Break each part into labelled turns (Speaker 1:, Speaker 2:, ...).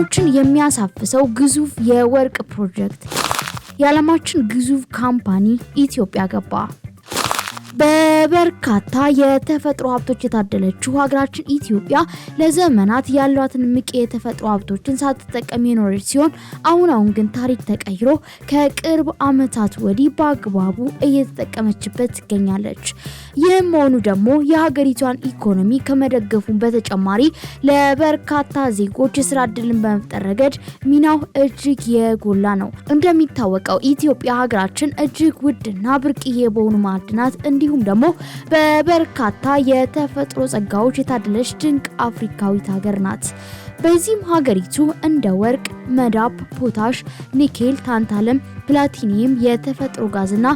Speaker 1: አይናችን የሚያሳፍሰው ግዙፍ የወርቅ ፕሮጀክት የዓለማችን ግዙፍ ካምፓኒ ኢትዮጵያ ገባ። በበርካታ የተፈጥሮ ሀብቶች የታደለችው ሀገራችን ኢትዮጵያ ለዘመናት ያሏትን ምቅ የተፈጥሮ ሀብቶችን ሳትጠቀም የኖረች ሲሆን አሁን አሁን ግን ታሪክ ተቀይሮ ከቅርብ ዓመታት ወዲህ በአግባቡ እየተጠቀመችበት ትገኛለች። ይህም መሆኑ ደግሞ የሀገሪቷን ኢኮኖሚ ከመደገፉን በተጨማሪ ለበርካታ ዜጎች የስራ እድልን በመፍጠር ረገድ ሚናው እጅግ የጎላ ነው። እንደሚታወቀው ኢትዮጵያ ሀገራችን እጅግ ውድና ብርቅዬ በሆኑ ማዕድናት እንዲሁም ደግሞ በበርካታ የተፈጥሮ ጸጋዎች የታደለች ድንቅ አፍሪካዊት ሀገር ናት። በዚህም ሀገሪቱ እንደ ወርቅ፣ መዳብ፣ ፖታሽ፣ ኒኬል፣ ታንታለም፣ ፕላቲኒየም፣ የተፈጥሮ ጋዝና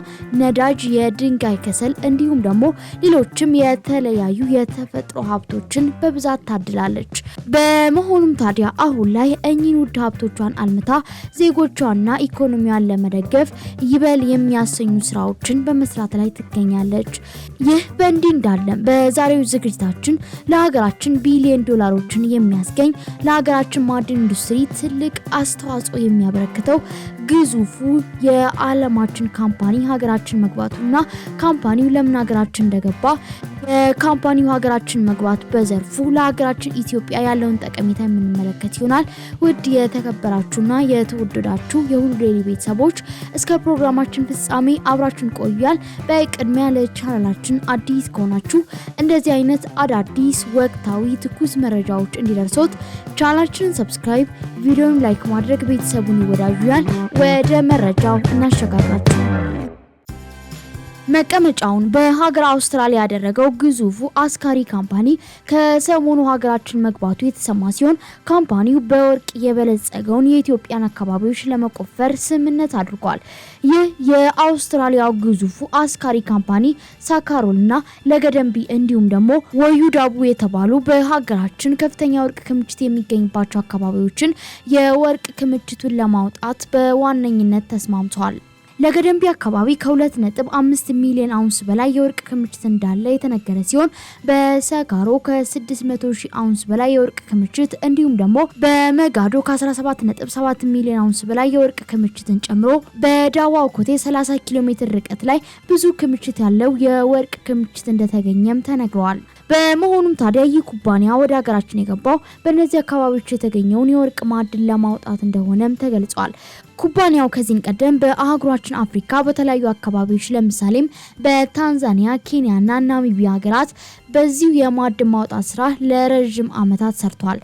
Speaker 1: ነዳጅ፣ የድንጋይ ከሰል እንዲሁም ደግሞ ሌሎችም የተለያዩ የተፈጥሮ ሀብቶችን በብዛት ታድላለች። በመሆኑም ታዲያ አሁን ላይ እኚህን ውድ ሀብቶቿን አልምታ ዜጎቿና ኢኮኖሚዋን ለመደገፍ ይበል የሚያሰኙ ስራዎችን በመስራት ላይ ትገኛለች። ይህ በእንዲህ እንዳለም በዛሬው ዝግጅታችን ለሀገራችን ቢሊዮን ዶላሮችን የሚያስገኝ ለሀገራችን ማዕድን ኢንዱስትሪ ትልቅ አስተዋጽኦ የሚያበረክተው ግዙፉ የዓለማችን ካምፓኒ ሀገራችን መግባቱና ካምፓኒው ለምን ሀገራችን እንደገባ የካምፓኒው ሀገራችን መግባት በዘርፉ ለሀገራችን ኢትዮጵያ ያለውን ጠቀሜታ የምንመለከት ይሆናል። ውድ የተከበራችሁና የተወደዳችሁ የሁሉ ዴይሊ ቤተሰቦች እስከ ፕሮግራማችን ፍጻሜ አብራችን ቆያል። በቅድሚያ ለቻናላችን አዲስ ከሆናችሁ እንደዚህ አይነት አዳዲስ ወቅታዊ ትኩስ መረጃዎች እንዲደርሶት ቻናላችንን ሰብስክራይብ፣ ቪዲዮን ላይክ ማድረግ ቤተሰቡን ይወዳጁያል። ወደ መረጃው እናሸጋግራችሁ። መቀመጫውን በሀገር አውስትራሊያ ያደረገው ግዙፉ አስካሪ ካምፓኒ ከሰሞኑ ሀገራችን መግባቱ የተሰማ ሲሆን ካምፓኒው በወርቅ የበለጸገውን የኢትዮጵያን አካባቢዎች ለመቆፈር ስምምነት አድርጓል። ይህ የአውስትራሊያው ግዙፉ አስካሪ ካምፓኒ ሳካሮልና ለገደንቢ እንዲሁም ደግሞ ወዩ ዳቡ የተባሉ በሀገራችን ከፍተኛ ወርቅ ክምችት የሚገኝባቸው አካባቢዎችን የወርቅ ክምችቱን ለማውጣት በዋነኝነት ተስማምቷል። ለገደንቢ አካባቢ ከ2.5 ሚሊዮን አውንስ በላይ የወርቅ ክምችት እንዳለ የተነገረ ሲሆን በሰጋሮ ከ600 ሺህ አውንስ በላይ የወርቅ ክምችት እንዲሁም ደግሞ በመጋዶ ከ17.7 ሚሊዮን አውንስ በላይ የወርቅ ክምችትን ጨምሮ በዳዋ ኮቴ 30 ኪሎ ሜትር ርቀት ላይ ብዙ ክምችት ያለው የወርቅ ክምችት እንደተገኘም ተነግረዋል። በመሆኑም ታዲያ ይህ ኩባንያ ወደ ሀገራችን የገባው በእነዚህ አካባቢዎች የተገኘውን የወርቅ ማዕድን ለማውጣት እንደሆነም ተገልጿል። ኩባንያው ከዚህ ቀደም በአህጉራችን አፍሪካ በተለያዩ አካባቢዎች ለምሳሌም በታንዛኒያ፣ ኬንያና ናሚቢያ ሀገራት በዚሁ የማዕድን ማውጣት ስራ ለረዥም ዓመታት ሰርቷል።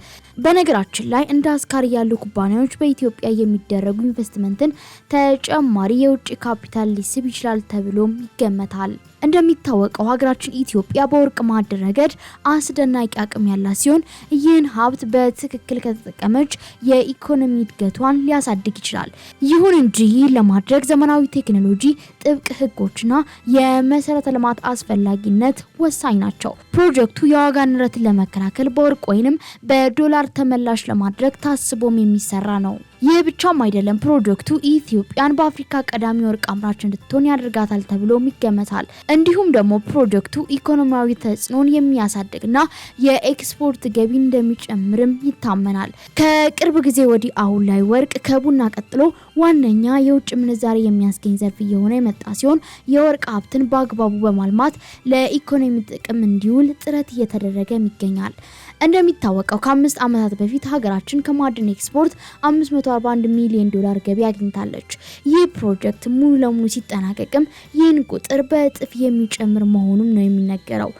Speaker 1: በነገራችን ላይ እንደ አስካሪ ያሉ ኩባንያዎች በኢትዮጵያ የሚደረጉ ኢንቨስትመንትን ተጨማሪ የውጭ ካፒታል ሊስብ ይችላል ተብሎም ይገመታል። እንደሚታወቀው ሀገራችን ኢትዮጵያ በወርቅ ማዕድን ረገድ አስደናቂ አቅም ያላት ሲሆን ይህን ሀብት በትክክል ከተጠቀመች የኢኮኖሚ እድገቷን ሊያሳድግ ይችላል። ይሁን እንጂ ለማድረግ ዘመናዊ ቴክኖሎጂ ጥብቅ ህጎችና የመሰረተ ልማት አስፈላጊነት ወሳኝ ናቸው። ፕሮጀክቱ የዋጋ ንረትን ለመከላከል በወርቅ ወይንም በዶላር ተመላሽ ለማድረግ ታስቦም የሚሰራ ነው። ይህ ብቻም አይደለም። ፕሮጀክቱ ኢትዮጵያን በአፍሪካ ቀዳሚ ወርቅ አምራች እንድትሆን ያደርጋታል ተብሎም ይገመታል። እንዲሁም ደግሞ ፕሮጀክቱ ኢኮኖሚያዊ ተጽዕኖን የሚያሳድግና የኤክስፖርት ገቢ እንደሚጨምርም ይታመናል። ከቅርብ ጊዜ ወዲህ አሁን ላይ ወርቅ ከቡና ቀጥሎ ዋነኛ የውጭ ምንዛሬ የሚያስገኝ ዘርፍ እየሆነ የመጣ ሲሆን የወርቅ ሀብትን በአግባቡ በማልማት ለኢኮኖሚ ጥቅም እንዲውል ጥረት እየተደረገም ይገኛል። እንደሚታወቀው ከአምስት ዓመታት በፊት ሀገራችን ከማዕድን ኤክስፖርት አምስት 141 ሚሊዮን ዶላር ገቢ አግኝታለች። ይህ ፕሮጀክት ሙሉ ለሙሉ ሲጠናቀቅም ይህን ቁጥር በእጥፍ የሚጨምር መሆኑም ነው የሚነገረው።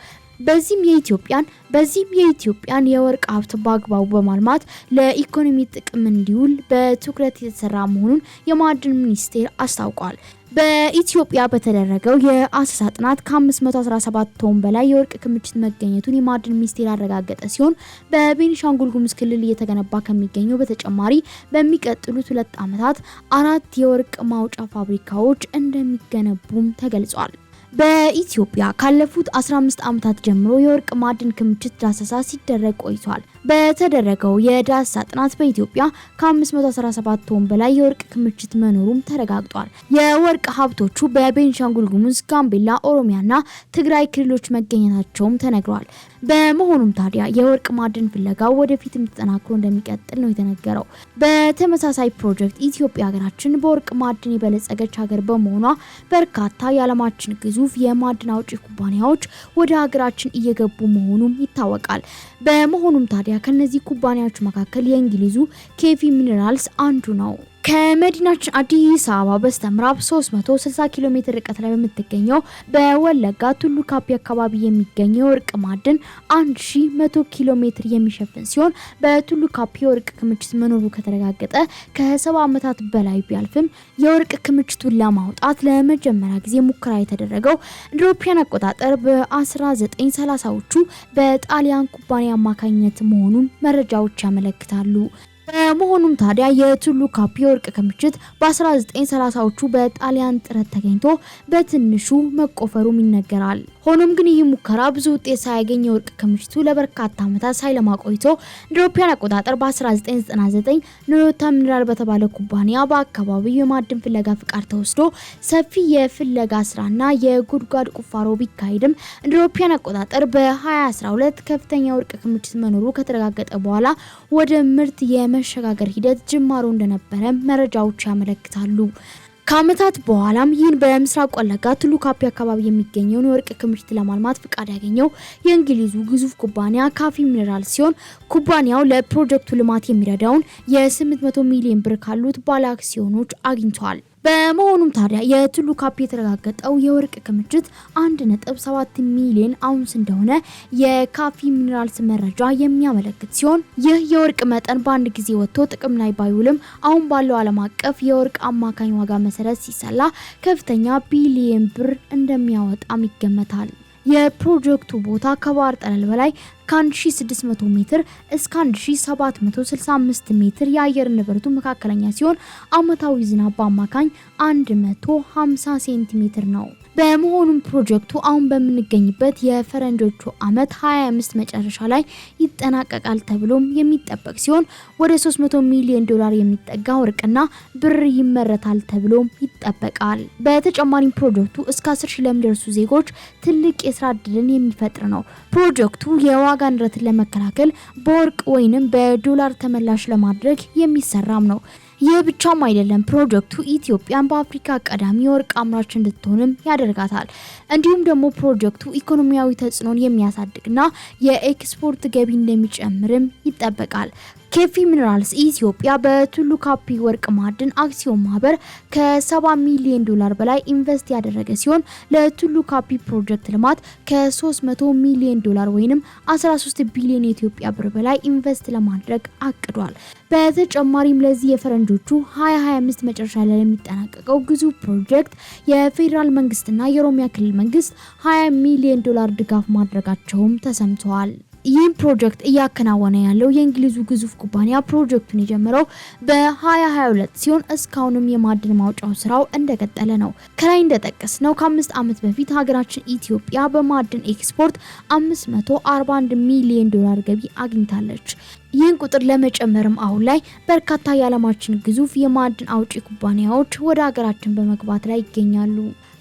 Speaker 1: በዚህም የኢትዮጵያን በዚህም የኢትዮጵያን የወርቅ ሀብት በአግባቡ በማልማት ለኢኮኖሚ ጥቅም እንዲውል በትኩረት የተሰራ መሆኑን የማዕድን ሚኒስቴር አስታውቋል። በኢትዮጵያ በተደረገው የአሰሳ ጥናት ከ517 ቶን በላይ የወርቅ ክምችት መገኘቱን የማዕድን ሚኒስቴር ያረጋገጠ ሲሆን በቤኒሻንጉል ጉሙዝ ክልል እየተገነባ ከሚገኘው በተጨማሪ በሚቀጥሉት ሁለት ዓመታት አራት የወርቅ ማውጫ ፋብሪካዎች እንደሚገነቡም ተገልጿል። በኢትዮጵያ ካለፉት 15 ዓመታት ጀምሮ የወርቅ ማዕድን ክምችት ዳሰሳ ሲደረግ ቆይቷል። በተደረገው የዳሳ ጥናት በኢትዮጵያ ከ517 ቶን በላይ የወርቅ ክምችት መኖሩም ተረጋግጧል። የወርቅ ሀብቶቹ በቤንሻንጉል ጉሙዝ፣ ጋምቤላ፣ ኦሮሚያና ትግራይ ክልሎች መገኘታቸውም ተነግሯል። በመሆኑም ታዲያ የወርቅ ማዕድን ፍለጋው ወደፊትም ተጠናክሮ እንደሚቀጥል ነው የተነገረው። በተመሳሳይ ፕሮጀክት ኢትዮጵያ ሀገራችን በወርቅ ማዕድን የበለጸገች ሀገር በመሆኗ በርካታ የዓለማችን ግዙፍ የማዕድን አውጪ ኩባንያዎች ወደ ሀገራችን እየገቡ መሆኑም ይታወቃል። በመሆኑም ታዲያ ከነዚህ ኩባንያዎች መካከል የእንግሊዙ ኬፊ ሚኒራልስ አንዱ ነው። ከመዲናችን አዲስ አበባ በስተ ምዕራብ 360 ኪሎ ሜትር ርቀት ላይ በምትገኘው በወለጋ ቱሉ ካፒ አካባቢ የሚገኘው ወርቅ ማዕድን 1100 ኪሎ ሜትር የሚሸፍን ሲሆን በቱሉ ካፒ የወርቅ ክምችት መኖሩ ከተረጋገጠ ከሰባ ዓመታት በላይ ቢያልፍም የወርቅ ክምችቱን ለማውጣት ለመጀመሪያ ጊዜ ሙከራ የተደረገው እንደ አውሮፓውያን አቆጣጠር በ1930ዎቹ በጣሊያን ኩባንያ አማካኝነት መሆኑን መረጃዎች ያመለክታሉ። በመሆኑም ታዲያ የቱሉ ካፒ ካፕወርቅ ክምችት በ1930ዎቹ በጣሊያን ጥረት ተገኝቶ በትንሹ መቆፈሩም ይነገራል። ሆኖም ግን ይህ ሙከራ ብዙ ውጤት ሳያገኝ የወርቅ ክምችቱ ለበርካታ ዓመታት ሳይለማ ቆይቶ ኢትዮጵያን አቆጣጠር በ1999 ኖዮታ ሚኒራል በተባለ ኩባንያ በአካባቢው የማዕድን ፍለጋ ፍቃድ ተወስዶ ሰፊ የፍለጋ ስራና የጉድጓድ ቁፋሮ ቢካሄድም እንደ ኢትዮጵያን አቆጣጠር በ2012 ከፍተኛ የወርቅ ክምችት መኖሩ ከተረጋገጠ በኋላ ወደ ምርት የመ የመሸጋገር ሂደት ጅማሮ እንደነበረ መረጃዎች ያመለክታሉ። ከዓመታት በኋላም ይህን በምስራቅ ወለጋ ቱሉ ካፒ አካባቢ የሚገኘውን የወርቅ ክምችት ለማልማት ፍቃድ ያገኘው የእንግሊዙ ግዙፍ ኩባንያ ካፊ ሚኔራል ሲሆን ኩባንያው ለፕሮጀክቱ ልማት የሚረዳውን የ800 ሚሊዮን ብር ካሉት ባለ አክሲዮኖች አግኝቷል። በመሆኑም ታዲያ የቱሉ ካፕ የተረጋገጠው የወርቅ ክምችት 1.7 ሚሊዮን አውንስ እንደሆነ የካፊ ሚኒራልስ መረጃ የሚያመለክት ሲሆን ይህ የወርቅ መጠን በአንድ ጊዜ ወጥቶ ጥቅም ላይ ባይውልም አሁን ባለው ዓለም አቀፍ የወርቅ አማካኝ ዋጋ መሰረት ሲሰላ ከፍተኛ ቢሊየን ብር እንደሚያወጣም ይገመታል። የፕሮጀክቱ ቦታ ከባህር ጠለል በላይ ከ1600 ሜትር እስከ 1765 ሜትር የአየር ንብረቱ መካከለኛ ሲሆን አመታዊ ዝናብ በአማካኝ 150 ሴንቲሜትር ነው። በመሆኑም ፕሮጀክቱ አሁን በምንገኝበት የፈረንጆቹ ዓመት 25 መጨረሻ ላይ ይጠናቀቃል ተብሎም የሚጠበቅ ሲሆን ወደ 300 ሚሊዮን ዶላር የሚጠጋ ወርቅና ብር ይመረታል ተብሎም ይጠበቃል። በተጨማሪም ፕሮጀክቱ እስከ 10 ሺህ ለሚደርሱ ዜጎች ትልቅ የስራ እድልን የሚፈጥር ነው። ፕሮጀክቱ የዋጋ ንረትን ለመከላከል በወርቅ ወይንም በዶላር ተመላሽ ለማድረግ የሚሰራም ነው። ይህ ብቻም አይደለም፣ ፕሮጀክቱ ኢትዮጵያን በአፍሪካ ቀዳሚ የወርቅ አምራች እንድትሆንም ያደርጋታል። እንዲሁም ደግሞ ፕሮጀክቱ ኢኮኖሚያዊ ተጽዕኖን የሚያሳድግና የኤክስፖርት ገቢ እንደሚጨምርም ይጠበቃል። ኬፊ ሚነራልስ ኢትዮጵያ በቱሉ ካፒ ወርቅ ማዕድን አክሲዮን ማህበር ከ70 ሚሊዮን ዶላር በላይ ኢንቨስት ያደረገ ሲሆን ለቱሉ ካፒ ፕሮጀክት ልማት ከ300 ሚሊዮን ዶላር ወይም 13 ቢሊዮን የኢትዮጵያ ብር በላይ ኢንቨስት ለማድረግ አቅዷል። በተጨማሪም ለዚህ የፈረንጆቹ 2025 መጨረሻ ላይ ለሚጠናቀቀው ግዙፍ ፕሮጀክት የፌዴራል መንግስትና የኦሮሚያ ክልል መንግስት 20 ሚሊዮን ዶላር ድጋፍ ማድረጋቸውም ተሰምተዋል። ይህን ፕሮጀክት እያከናወነ ያለው የእንግሊዙ ግዙፍ ኩባንያ ፕሮጀክቱን የጀመረው በ2022 ሲሆን እስካሁንም የማዕድን ማውጫው ስራው እንደቀጠለ ነው። ከላይ እንደጠቀስ ነው ከአምስት ዓመት በፊት ሀገራችን ኢትዮጵያ በማዕድን ኤክስፖርት 541 ሚሊዮን ዶላር ገቢ አግኝታለች። ይህን ቁጥር ለመጨመርም አሁን ላይ በርካታ የዓለማችን ግዙፍ የማዕድን አውጪ ኩባንያዎች ወደ ሀገራችን በመግባት ላይ ይገኛሉ።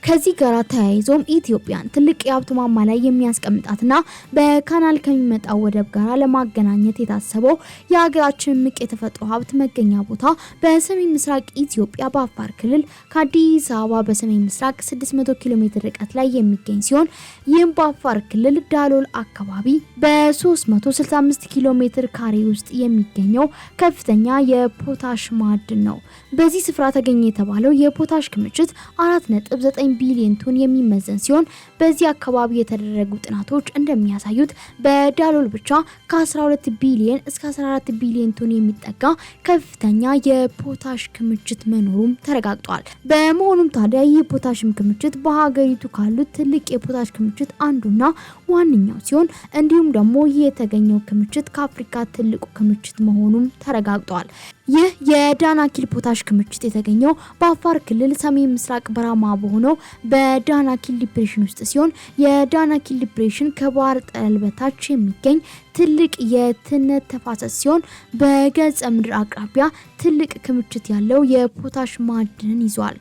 Speaker 1: ከዚህ ጋር ተያይዞም ኢትዮጵያን ትልቅ የሀብት ማማ ላይ የሚያስቀምጣትና በካናል ከሚመጣው ወደብ ጋር ለማገናኘት የታሰበው የሀገራችን ምቅ የተፈጥሮ ሀብት መገኛ ቦታ በሰሜን ምስራቅ ኢትዮጵያ በአፋር ክልል ከአዲስ አበባ በሰሜን ምስራቅ 600 ኪሎ ሜትር ርቀት ላይ የሚገኝ ሲሆን ይህም በአፋር ክልል ዳሎል አካባቢ በ365 ኪሎ ሜትር ካሬ ውስጥ የሚገኘው ከፍተኛ የፖታሽ ማዕድን ነው። በዚህ ስፍራ ተገኘ የተባለው የፖታሽ ክምችት 4.9 ቢሊዮን ቶን የሚመዘን ሲሆን በዚህ አካባቢ የተደረጉ ጥናቶች እንደሚያሳዩት በዳሎል ብቻ ከ12 ቢሊዮን እስከ 14 ቢሊዮን ቶን የሚጠጋ ከፍተኛ የፖታሽ ክምችት መኖሩም ተረጋግጧል። በመሆኑም ታዲያ ይህ ፖታሽም ክምችት በሀገሪቱ ካሉት ትልቅ የፖታሽ ክምችት አንዱና ዋነኛው ሲሆን እንዲሁም ደግሞ ይህ የተገኘው ክምችት ከአፍሪካ ትልቁ ክምችት መሆኑም ተረጋግጧል። ይህ የዳናኪል ፖታሽ ክምችት የተገኘው በአፋር ክልል ሰሜን ምስራቅ በረሃማ በሆነው በዳናኪል ዲፕሬሽን ውስጥ ሲሆን የዳናኪል ዲፕሬሽን ከባህር ጠለል በታች የሚገኝ ትልቅ የትነት ተፋሰስ ሲሆን በገጸ ምድር አቅራቢያ ትልቅ ክምችት ያለው የፖታሽ ማዕድንን ይዟል።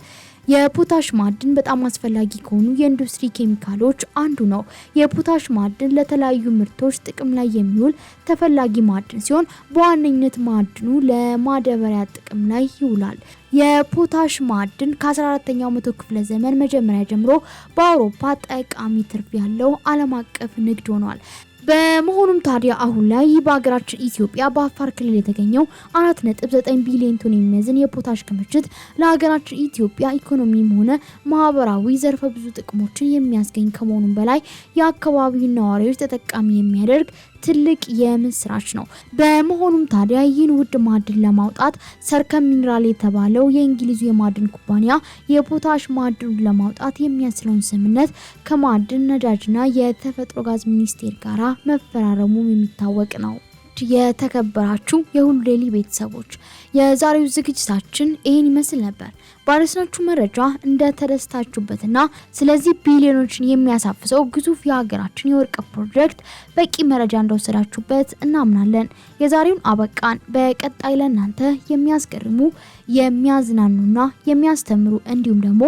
Speaker 1: የፖታሽ ማዕድን በጣም አስፈላጊ ከሆኑ የኢንዱስትሪ ኬሚካሎች አንዱ ነው። የፖታሽ ማዕድን ለተለያዩ ምርቶች ጥቅም ላይ የሚውል ተፈላጊ ማዕድን ሲሆን በዋነኝነት ማዕድኑ ለማዳበሪያ ጥቅም ላይ ይውላል። የፖታሽ ማዕድን ከ14ኛው መቶ ክፍለ ዘመን መጀመሪያ ጀምሮ በአውሮፓ ጠቃሚ ትርፍ ያለው ዓለም አቀፍ ንግድ ሆኗል። በመሆኑም ታዲያ አሁን ላይ በሀገራችን ኢትዮጵያ በአፋር ክልል የተገኘው 4.9 ቢሊዮን ቶን የሚመዝን የፖታሽ ክምችት ለሀገራችን ኢትዮጵያ ኢኮኖሚም ሆነ ማህበራዊ ዘርፈ ብዙ ጥቅሞችን የሚያስገኝ ከመሆኑም በላይ የአካባቢውን ነዋሪዎች ተጠቃሚ የሚያደርግ ትልቅ የምስራች ነው። በመሆኑም ታዲያ ይህን ውድ ማዕድን ለማውጣት ሰርከም ሚኒራል የተባለው የእንግሊዙ የማዕድን ኩባንያ የፖታሽ ማዕድኑን ለማውጣት የሚያስችለውን ስምምነት ከማዕድን ነዳጅና የተፈጥሮ ጋዝ ሚኒስቴር ጋር መፈራረሙም የሚታወቅ ነው። የተከበራችሁ የሁሉ ዴይሊ ቤተሰቦች የዛሬው ዝግጅታችን ይህን ይመስል ነበር። ባለስኖቹ መረጃ እንደተደስታችሁበትና ስለዚህ ቢሊዮኖችን የሚያሳፍሰው ግዙፍ የሀገራችን የወርቅ ፕሮጀክት በቂ መረጃ እንደወሰዳችሁበት እናምናለን። የዛሬውን አበቃን። በቀጣይ ለእናንተ የሚያስገርሙ የሚያዝናኑና የሚያስተምሩ እንዲሁም ደግሞ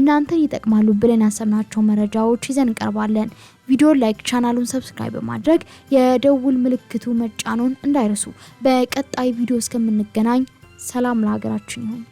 Speaker 1: እናንተን ይጠቅማሉ ብለን ያሰብናቸው መረጃዎች ይዘን እንቀርባለን። ቪዲዮ ላይክ፣ ቻናሉን ሰብስክራይብ በማድረግ የደውል ምልክቱ መጫኑን እንዳይረሱ። በቀጣይ ቪዲዮ እስከምንገናኝ ሰላም ለሀገራችን ይሁን።